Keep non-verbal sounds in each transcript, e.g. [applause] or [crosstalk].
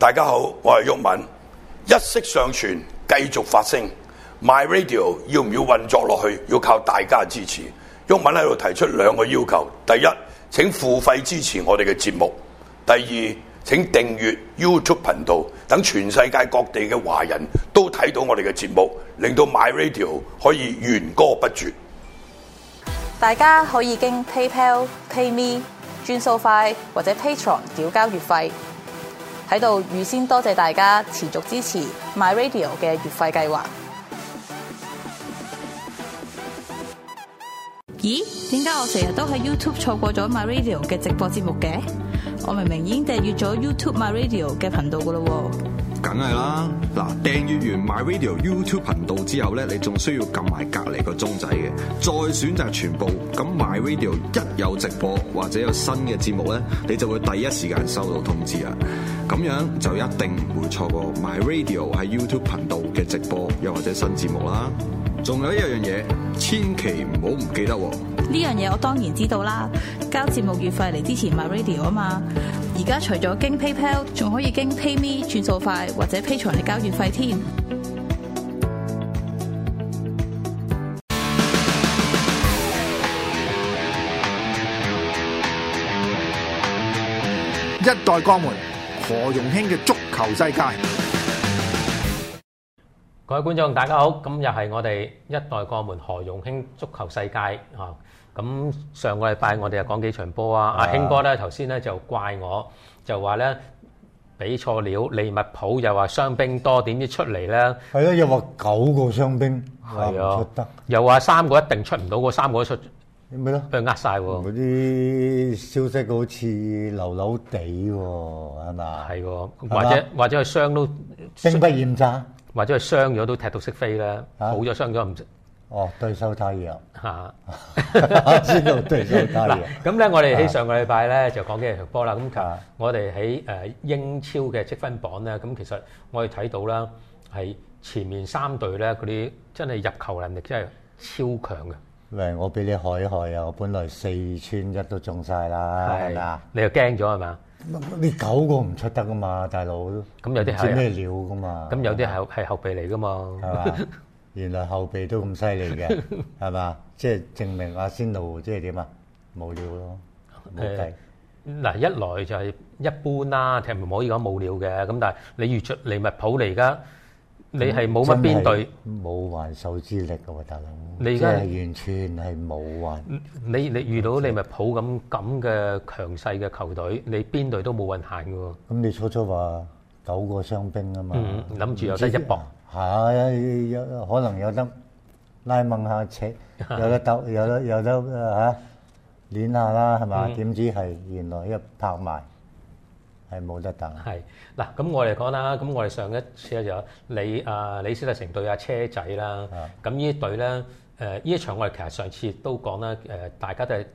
大家好，我係毓民，一息尚存，繼續發聲。My Radio 要唔要運作落去？要靠大家支持。毓民喺度提出兩個要求：第一，請付費支持我哋嘅節目；第二，請訂閱 YouTube 頻道，等全世界各地嘅華人都睇到我哋嘅節目，令到 My Radio 可以源歌不絕。大家可以經 PayPal、PayMe 轉數快，或者 Patreon 繳交月費。喺度預先多謝大家持續支持 MyRadio 嘅月費計劃。咦？點解我成日都喺 YouTube 錯過咗 MyRadio 嘅直播節目嘅？我明明已經訂閱咗 YouTube MyRadio 嘅頻道噶啦喎。梗係啦，嗱，訂閱完 My Radio YouTube 頻道之後咧，你仲需要撳埋隔籬個鐘仔嘅，再選擇全部，咁 My Radio 一有直播或者有新嘅節目咧，你就會第一時間收到通知啦！咁樣就一定唔會錯過 My Radio 喺 YouTube 頻道嘅直播又或者新節目啦。仲有一樣嘢，千祈唔好唔記得喎。呢樣嘢我當然知道啦，交節目月費嚟支持 MyRadio 啊嘛。而家除咗經 PayPal，仲可以經 PayMe 轉數快或者 Patreon 嚟交月費添。一代鋼門何容興嘅足球世界，各位觀眾大家好，今日係我哋一代鋼門何容興足球世界啊！咁上個禮拜我哋又講幾場波啊！的阿興哥咧頭先咧就怪我，就話咧俾錯料，利物浦又話傷兵多，點知出嚟咧？係咯，又話九個傷兵出，係啊的，又話三個一定出唔到，個三個都出咩咧？俾佢呃晒喎！嗰啲消息好似流流地喎，係嘛？係喎，或者的或者係傷都兵不厭詐，或者係傷咗都踢到識飛啦，好咗傷咗唔識。哦，對手太弱。嚇，知道對手太弱。咁咧，我哋喺上個禮拜咧就講幾條波啦。咁其實我哋喺誒英超嘅積分榜咧，咁其實我哋睇到啦，係前面三隊咧，佢啲真係入球能力真係超強嘅。喂，我俾你害一害啊！我本來四串一都中曬啦，係啦？你又驚咗係咪啊？你九個唔出得㗎嘛，大佬。咁有啲係。知咩料㗎嘛？咁有啲係係後備嚟㗎嘛？係嘛？原來後備都咁犀利嘅，係嘛？即係證明阿仙奴即係點啊？冇料咯，冇計。嗱，一來就係一般啦，其實唔可以講冇料嘅。咁但係你預出利物浦你而家，你係冇乜邊隊冇還手之力喎，大佬。你而家係完全係冇還。你你遇到利物浦咁咁嘅強勢嘅球隊，你邊隊都冇運行嘅喎。咁你初初話九個傷兵啊嘛，諗住又得一搏。嚇有有可能有得拉掹下車，有得鬥有得有得嚇攣下啦，係嘛？點知係原來一拍賣係冇得鬥。係嗱，咁我哋講啦，咁我哋上一次咧就李啊李斯達成對阿車仔啦，咁呢隊咧誒呢場我哋其實上次都講啦誒，大家都係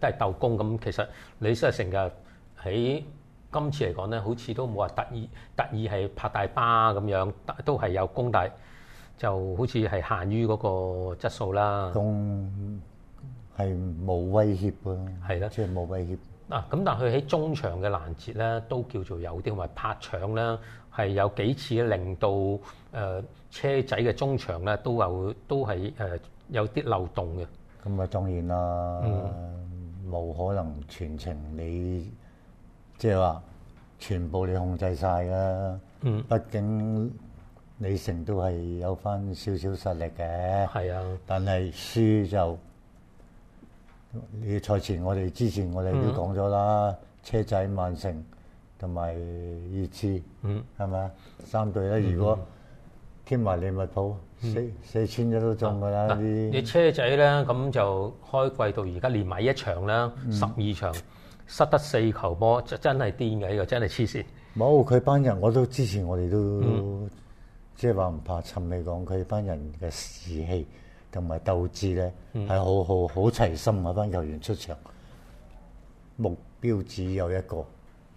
都係鬥功咁，其實李斯達成嘅喺。今次嚟講咧，好似都冇話特意特意係拍大巴咁樣，都係有功大，就好似係限於嗰個質素啦。功係冇威脅嘅啊，係咯，即係冇威脅。嗱，咁但係佢喺中場嘅攔截咧，都叫做有啲話拍搶啦，係有幾次令到誒、呃、車仔嘅中場咧都有都係誒、呃、有啲漏洞嘅。咁啊、嗯，當然啦，冇可能全程你。即係話，全部你控制曬㗎。嗯、畢竟李成都係有翻少少實力嘅。係啊，但係輸就你賽前我哋之前我哋都講咗啦，嗯、車仔、曼城同埋熱刺，係咪啊？三隊咧，如果添埋利物浦，四四千一都中㗎啦啲。啊、些你車仔咧，咁就開季到而家連埋一場啦，十二場。嗯失得四球波，就真係癲嘅，呢個真係黐線。冇佢班人，我都之前我哋都、嗯、即係話唔怕，尋日講佢班人嘅士氣同埋鬥志咧，係好好好齊心，嗰班球員出場，目標只有一個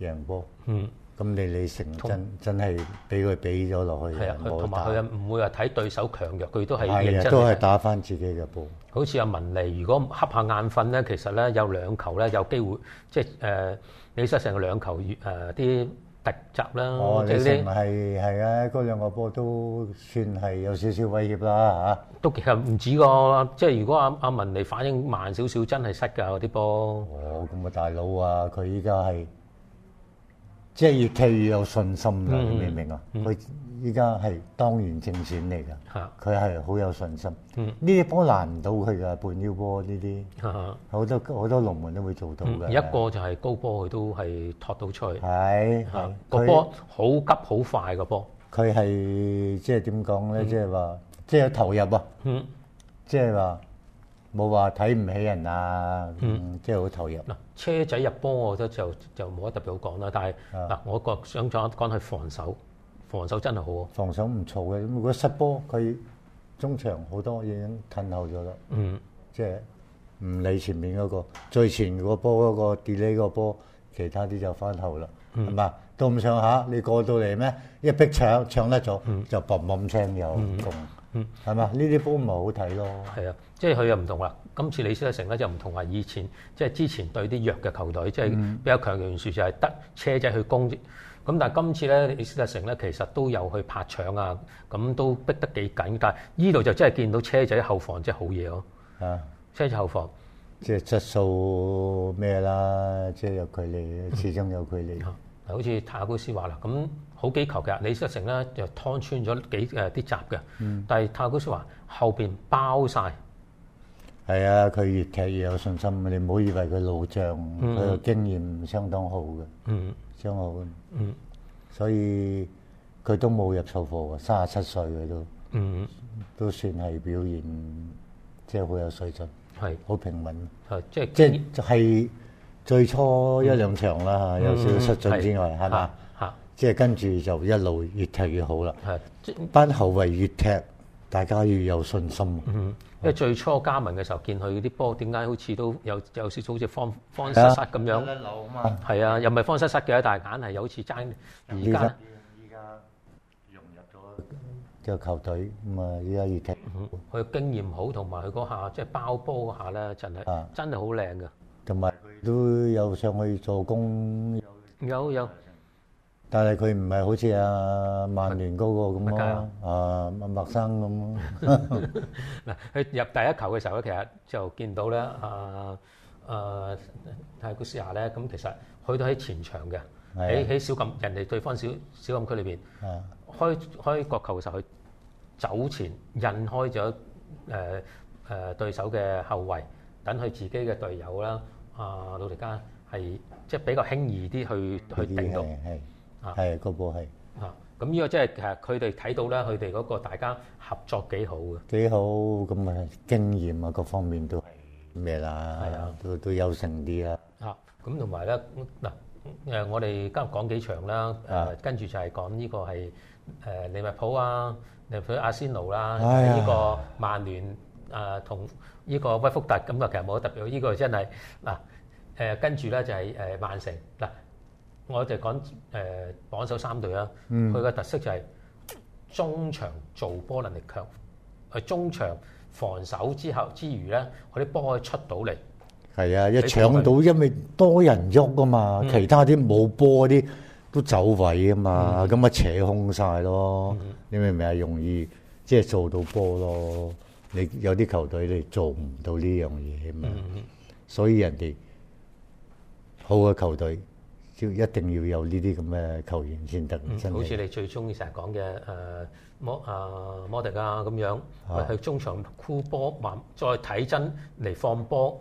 贏波。贏咁你李成真真係俾佢俾咗落去冇得打。同埋佢又唔會話睇對手強弱，佢都係都係打翻自己嘅波。好似阿、啊、文尼，如果恰下眼瞓咧，其實咧有兩球咧有機會即係誒、呃，你失成個兩球誒啲、呃、突襲啦。哦，李成係係啊，嗰兩個波都算係有少少威脅啦嚇。啊、都其實唔止噶，即係如果阿、啊、阿文尼反應慢少少，真係失㗎嗰啲波。哦，咁、那個、啊，大佬啊，佢依家係。即係越踢越有信心啦，你明唔明啊？佢依家係當年正選嚟噶，佢係好有信心。呢啲波難唔到佢噶，半腰波呢啲，好多好多龍門都會做到嘅。一個就係高波，佢都係托到出，係係個波好急好快個波，佢係即係點講咧？即係話即係投入啊！即係話。冇話睇唔起人啊，mm.！嗯，即係好投入。嗱，車仔入波，我覺得就就冇得特別好講啦。但係嗱 Yeah.、啊，我覺想再講係防守，防守真係好啊！防守唔錯嘅。如果失波，佢中場好多已經褪後咗啦。嗯，即係唔理前面嗰，那個最前嗰波嗰個 delay，那個波，其他啲就翻後啦。係嘛，mm.，都唔上下，你過到嚟咩？一逼搶搶得咗，就砰砰聲又攻，係嘛，mm.？呢啲波唔係好睇咯。係啊，mm. yes。即係佢又唔同啦。今次李斯特城咧就唔同話以前，即係之前對啲弱嘅球隊，嗯、即係比較強嘅元素就係得車仔去攻。咁但係今次咧，李斯特城咧其實都有去拍搶啊，咁都逼得幾緊。但係呢度就真係見到車仔後防即係好嘢咯。啊，啊車仔後防即係質素咩啦？即係有距離，始終有距離。嗱、嗯嗯，好似塔古斯話啦，咁好幾球嘅李斯特城咧就劏穿咗幾誒啲閘嘅，呃嗯、但係塔古斯話後邊包晒。係啊，佢越踢越有信心。你唔好以為佢老將，佢嘅經驗相當好嘅，相當好。所以佢都冇入錯貨，三十七歲佢都，都算係表現即係好有水準，係好平穩。係即係即係係最初一兩場啦，有少少失準之外，係嘛？即係跟住就一路越踢越好啦。係班後衞越踢。大家要有信心。嗯，因為最初加盟嘅時候見佢啲波，點解好似都有有少少好似慌慌失失咁樣？有得攞啊嘛。係啊，又唔係慌失失嘅，但係眼係有好似爭。而家依家融入咗個球隊，咁啊，依家越踢，佢嘅經驗好，同埋佢嗰下即係包波嗰下咧，真係真係好靚㗎。同埋佢都有上去助攻。有有。但係佢唔係好似阿曼聯嗰個咁咯，啊阿麥生咁。嗱，佢入第一球嘅時候咧，其實就見到咧，啊啊泰古斯亞咧，咁其實佢都喺前場嘅，喺喺小禁人哋對方小小禁區裏邊，開開角球嘅時候，佢走前引開咗誒誒對手嘅後衞，等佢自己嘅隊友啦，啊老黎家係即係比較輕易啲去去頂到。係，個波係。啊，咁呢個即係其實佢哋睇到咧，佢哋嗰個大家合作幾好嘅。幾好，咁啊經驗啊各方面都係咩啦？係啊，都都優勝啲啦。啊，咁同埋咧嗱誒，我哋今日講幾場啦，誒跟住就係講呢個係誒利物浦啊，利物浦阿仙奴啦，呢個曼聯啊，同呢個威福特，咁啊其實冇得特別，呢個真係嗱誒跟住咧就係誒曼城嗱。我哋講誒榜首三隊啦，佢個特色就係中場做波能力強，佢中場防守之後之餘咧，佢啲波可以出到嚟。係啊，一搶到，因為多人喐啊嘛，其他啲冇波嗰啲都走位啊嘛，咁咪扯空晒咯。你明唔明啊？容易即係做到波咯。你有啲球隊你做唔到呢樣嘢嘛，所以人哋好嘅球隊。要一定要有呢啲咁嘅球員先得。真嗯，好似你最中意成日講嘅誒摩誒、呃、摩迪啊咁樣，啊、去中場箍波，再睇真嚟放波。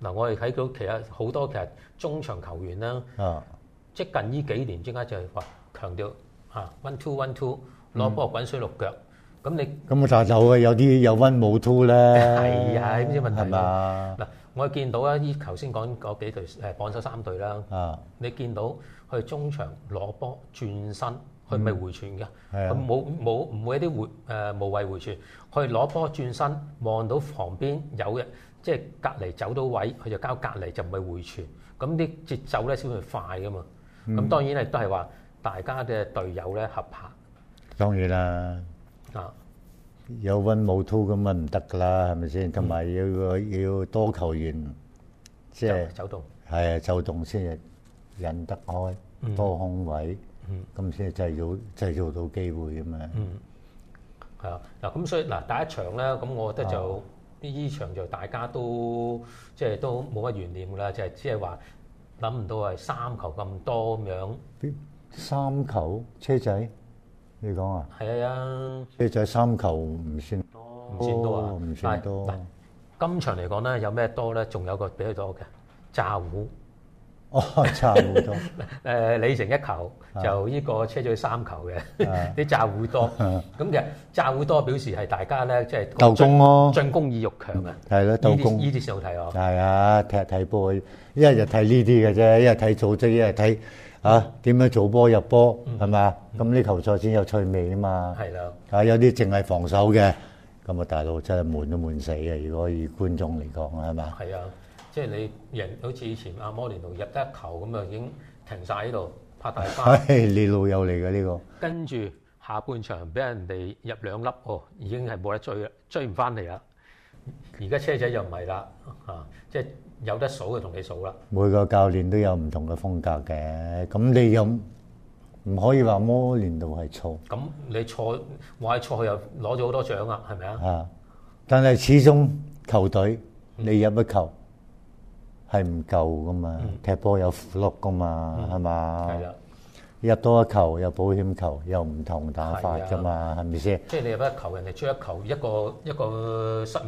嗱、啊，我哋睇到其實好多其實中場球員啦、啊，啊，即近呢幾年，即刻就係話強調嚇 one two one two 攞波滾水淥腳。嗯咁你咁我查走啊，有啲有温冇突啦。係啊，呢啲問題啊。嗱，我見到啊，依頭先講嗰幾隊誒榜首三隊啦。啊，你見到佢中場攞波轉身，佢咪回傳嘅？係啊。佢冇冇唔會一啲回誒無謂回傳，佢攞波轉身，望到旁邊有嘅，即係隔離走到位，佢就交隔離，就唔係回傳。咁啲節奏咧先會快㗎嘛。咁當然咧都係話大家嘅隊友咧合拍。當然啦。啊！有溫冇突咁咪唔得噶啦，係咪先？同埋要要多球員，即係走動，係啊，走動先係引得開，多空位，咁先係製造製造到機會咁啊！係啊！嗱，咁所以嗱第一場咧，咁我覺得就呢場就大家都即係都冇乜懸念噶啦，就係即係話諗唔到係三球咁多咁樣，三球車仔。你講啊？係啊，車仔三球唔算唔算多啊？唔算多。嗱，今場嚟講咧，有咩多咧？仲有個比較多嘅炸糊。哦，炸糊多。誒，李成一球就呢個車仔三球嘅，啲炸糊多。咁其實炸糊多表示係大家咧，即係鬥攻囉，進攻意欲強啊。係咯，鬥攻呢啲先好睇哦。係啊，踢踢波，一係就睇呢啲嘅啫，一係睇組織，一係睇。嚇點、啊、樣做波入波係嘛？咁呢、嗯、球賽先有趣味啊嘛！係啦的，嚇、啊、有啲淨係防守嘅，咁啊大佬真係悶都悶死呀。如果以觀眾嚟講係咪？係啊，即係你人好似以前阿摩連奴入得一球咁啊，已經停晒喺度拍大巴 [laughs] 。你老友嚟嘅呢個？跟住下半場俾人哋入兩粒哦，已經係冇得追啦，追唔翻嚟啦。而家車仔又唔係啦，嚇、啊、即係。有得數就同你數啦。每個教練都有唔同嘅風格嘅，咁你又唔、嗯、可以話摩連奴係錯。咁你錯，我係錯又攞咗好多獎啊，係咪啊？啊！但係始終球隊你入一球係唔夠噶嘛？嗯、踢波有苦樂噶嘛，係嘛、嗯？係啦吧。入多一球又保險球又唔同打法㗎嘛，係咪先？即係你入一球，人哋出一球，一個一個失誤。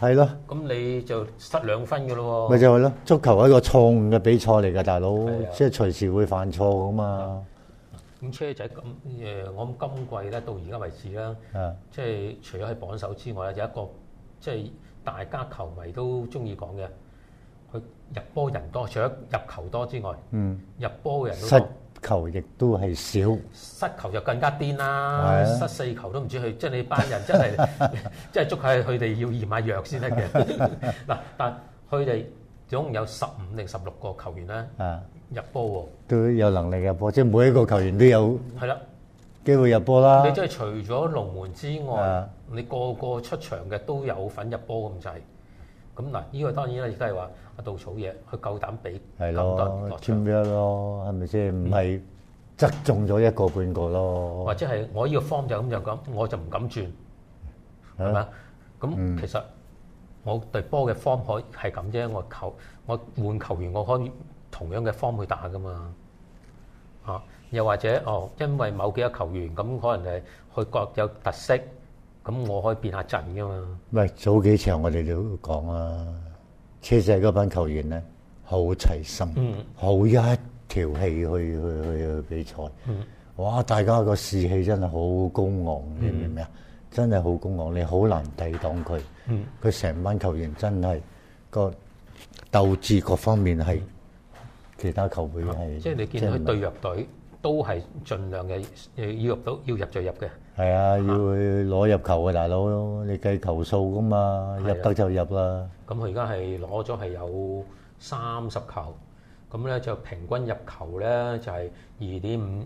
係咯，咁你就失兩分㗎咯喎。咪就係咯，足球係一個錯誤嘅比賽嚟㗎，大佬，即係隨時會犯錯㗎嘛。咁車仔咁誒，我諗今季咧到而家為止啦，即係除咗係榜首之外，有一個即係大家球迷都中意講嘅，佢入波人多，除咗入球多之外，入波嘅人都多。球亦都係少，失球就更加癲啦！失的四球都唔知去， [laughs] 即係你班人真係，即係捉起佢哋要驗下藥先得嘅。嗱，但佢哋總共有十五定十六個球員啦，的入波喎，都有能力入波，嗯、即係每一個球員都有機會入波啦。的你真係除咗龍門之外，的你個個出場嘅都有份入波咁滯。就係咁嗱，呢個當然啦，亦都係話阿稻草嘢，佢夠膽俾，夠膽落場咯，係咪先？唔係側中咗一個半個咯，或者係我呢個方就咁就咁，我就唔敢轉，係嘛、啊？咁、嗯、其實我對波嘅方可係咁啫，我球我換球員，我可以同樣嘅方去打㗎嘛。啊，又或者哦，因為某幾個球員咁可能係佢各有特色。咁我可以變下陣噶嘛？唔係早幾場我哋都講啊，車仔嗰班球員咧，好齊心，好一條氣去去去比賽。哇！大家個士氣真係好高昂，你明唔明啊？真係好高昂，你好難抵擋佢。佢成班球員真係個鬥志各方面係其他球會，係即係你見到對弱隊都係盡量嘅要入到要入就入嘅。係啊，要去攞入球嘅大佬，你計球數噶嘛，啊、入得就入啦。咁佢而家係攞咗係有三十球，咁咧就平均入球咧就係二點五，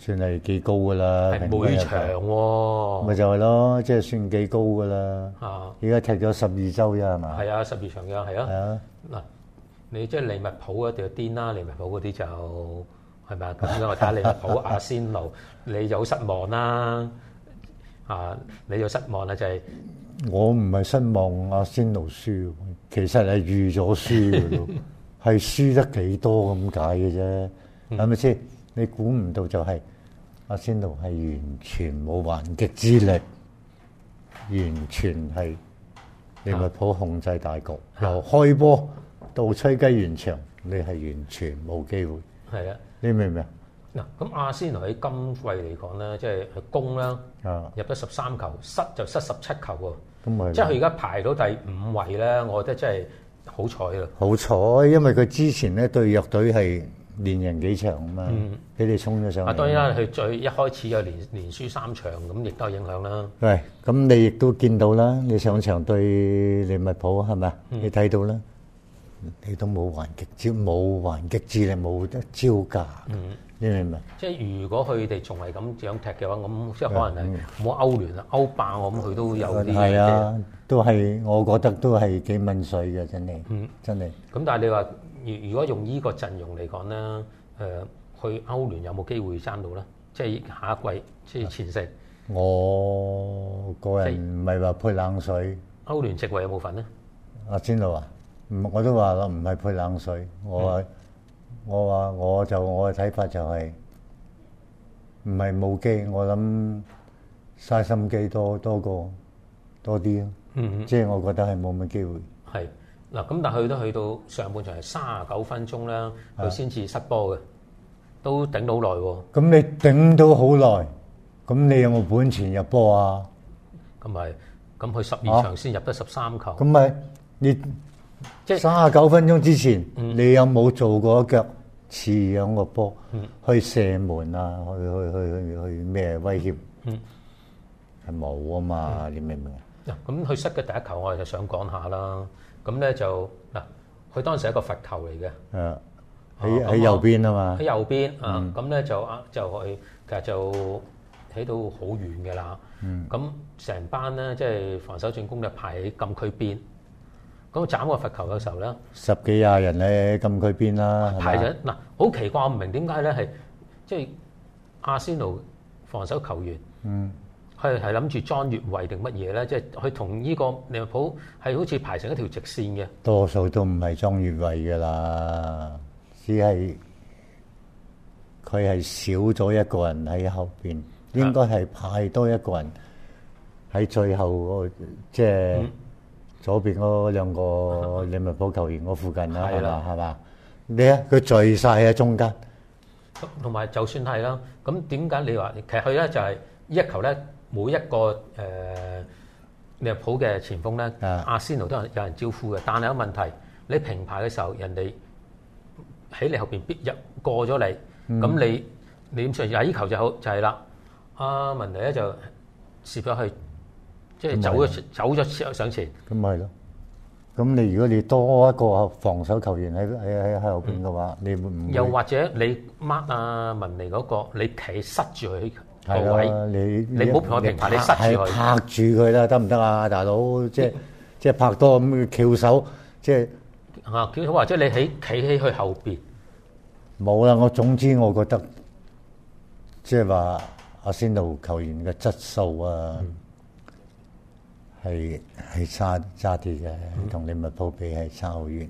算係幾高㗎啦。係每場喎、啊，咪、啊、就係咯，即係算幾高㗎啦。啊，而家踢咗十二週啫係嘛？係啊，十二場啫係啊。嗱、啊，啊、你即係利物浦嗰啲就癲啦，利物浦嗰啲就。係咪咁樣？我睇利物浦阿仙奴，你有失望啦啊， [laughs] 啊！你有失望咧、啊，就係、是、我唔係失望阿仙奴輸，其實係預咗輸嘅，係 [laughs] 輸得幾多咁解嘅啫。係咪先？嗯、你估唔到就係、是、阿仙奴係完全冇還擊之力，完全係利物浦控制大局，啊啊、由開波到吹雞完場，你係完全冇機會。係啦，你明唔明啊？嗱，咁阿仙奴喺今季嚟講咧，即係佢攻啦，入咗十三球，失就失十七球喎。咁即係佢而家排到第五位咧，我覺得真係好彩咯。好彩，因為佢之前咧對弱隊係連贏幾場啊嘛，俾、嗯、你衝咗上嚟。當然啦、啊，佢最一開始有連連輸三場，咁亦都有影響啦。喂，咁你亦都見到啦，你上場對利物浦係咪啊？你睇到啦。你都冇還擊招，冇還擊之力，冇得招架，你明唔明？即係如果佢哋仲係咁樣踢嘅話，咁即係可能係冇歐聯、歐霸我諗，佢都有啲嘅。係啊，都係，我覺得都係幾蚊水嘅，真係，真係。咁但係你話，如如果用依個陣容嚟講咧，誒去歐聯有冇機會爭到咧？即係下一季即係前四，我個人唔係話潑冷水。歐聯席位有冇份咧？阿先老啊？唔，我都話咯，唔係潑冷水，我我話我就我嘅睇法就係唔係冇機，我諗嘥心機多多過多啲咯，即係我覺得係冇乜機會。係嗱，咁但係佢都去到上半場係卅啊九分鐘咧，佢先至失波嘅，都頂到好耐。咁你頂到好耐，咁你有冇本錢入波啊？咁咪咁佢十二場先入得十三球。咁咪你？即係三十九分鐘之前，你有冇做過一腳似樣個波去射門啊？去去去去去咩威脅？係冇啊嘛，你明唔明？嗱，咁佢失嘅第一球，我哋就想講下啦。咁咧就嗱，佢當時係一個罰球嚟嘅，喺喺右邊啊嘛，喺右邊啊。咁咧就啊，就係其實就睇到好遠嘅啦。咁成班咧，即係防守進攻咧，排喺禁區邊。咁斬個罰球嘅時候咧，十幾廿人咧禁區邊啦。排咗嗱，好奇怪，我唔明點解咧，係即係阿仙奴防守球員，嗯，佢係諗住裝越位定乜嘢咧？即係佢同呢個利物浦係好似排成一條直線嘅。多數都唔係裝越位噶啦，只係佢係少咗一個人喺後邊，應該係派多一個人喺最後嗰即係。左邊嗰兩個利物浦球員嗰附近啦，係啦，係嘛？你啊，佢聚晒喺中間，同埋就算係啦。咁點解你話其實佢咧就係一球咧，每一個誒利物浦嘅前鋒咧，阿仙奴都有人招呼嘅。但係有問題，你平排嘅時候，人哋喺你後邊逼入過咗嚟，咁你你上呢球就好就係啦。阿文迪咧就蝕咗去。即係走咗，走咗上前。咁咪咯，咁你如果你多一個防守球員喺喺喺後邊嘅話，你會唔會？又或者你 mark 阿文尼嗰個，你企塞住佢個位。係啊，你你唔好判我評判，你塞住佢。拍住佢啦，得唔得啊，大佬？即係即係拍多咁嘅翹手，即係啊翹手或者你喺企喺佢後邊。冇啦，我總之我覺得，即係話阿仙奴球員嘅質素啊。係係差差啲嘅，同利物浦比係差好遠。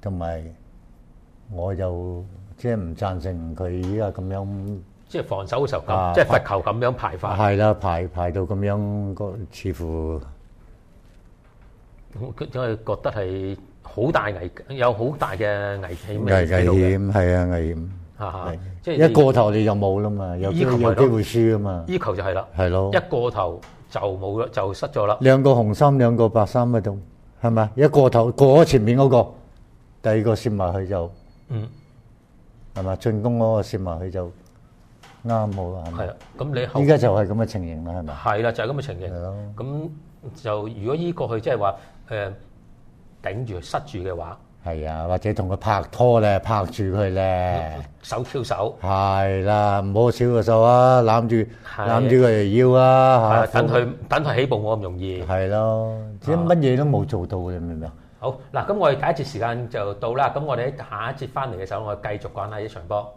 同埋我又即係唔贊成佢依家咁樣，即係防守嘅時候，咁即係罰球咁樣排法。係啦，排排到咁樣，個似乎我我、嗯、覺得係好大危，有好大嘅危，危險。危險係啊，危險。嚇、啊！啊、即係一個頭你就冇啦嘛，有機會有機會輸啊嘛。依球就係啦，係咯了，了一個頭。就冇啦，就失咗啦。兩個紅衫，兩個白衫喺度，係咪一個頭過咗前面嗰、那個，第二個攝埋去就，嗯，係咪進攻嗰個攝埋去就啱好啦，係咪？係啊，咁你依家就係咁嘅情形啦，係咪？係啦，就係咁嘅情形。係咯的。咁就如果依、這個去即係、呃、話，誒頂住塞住嘅話。係啊，或者同佢拍拖咧，拍住佢咧，手挑手。係啦，唔好少個手啊，攬住攬住佢條腰啊嚇。等佢等佢起步冇咁容易。係咯，即係乜嘢都冇做到嘅，你明唔明啊？好嗱，咁我哋第一節時間就到啦，咁我哋喺下一節翻嚟嘅時候，我繼續講下呢場波。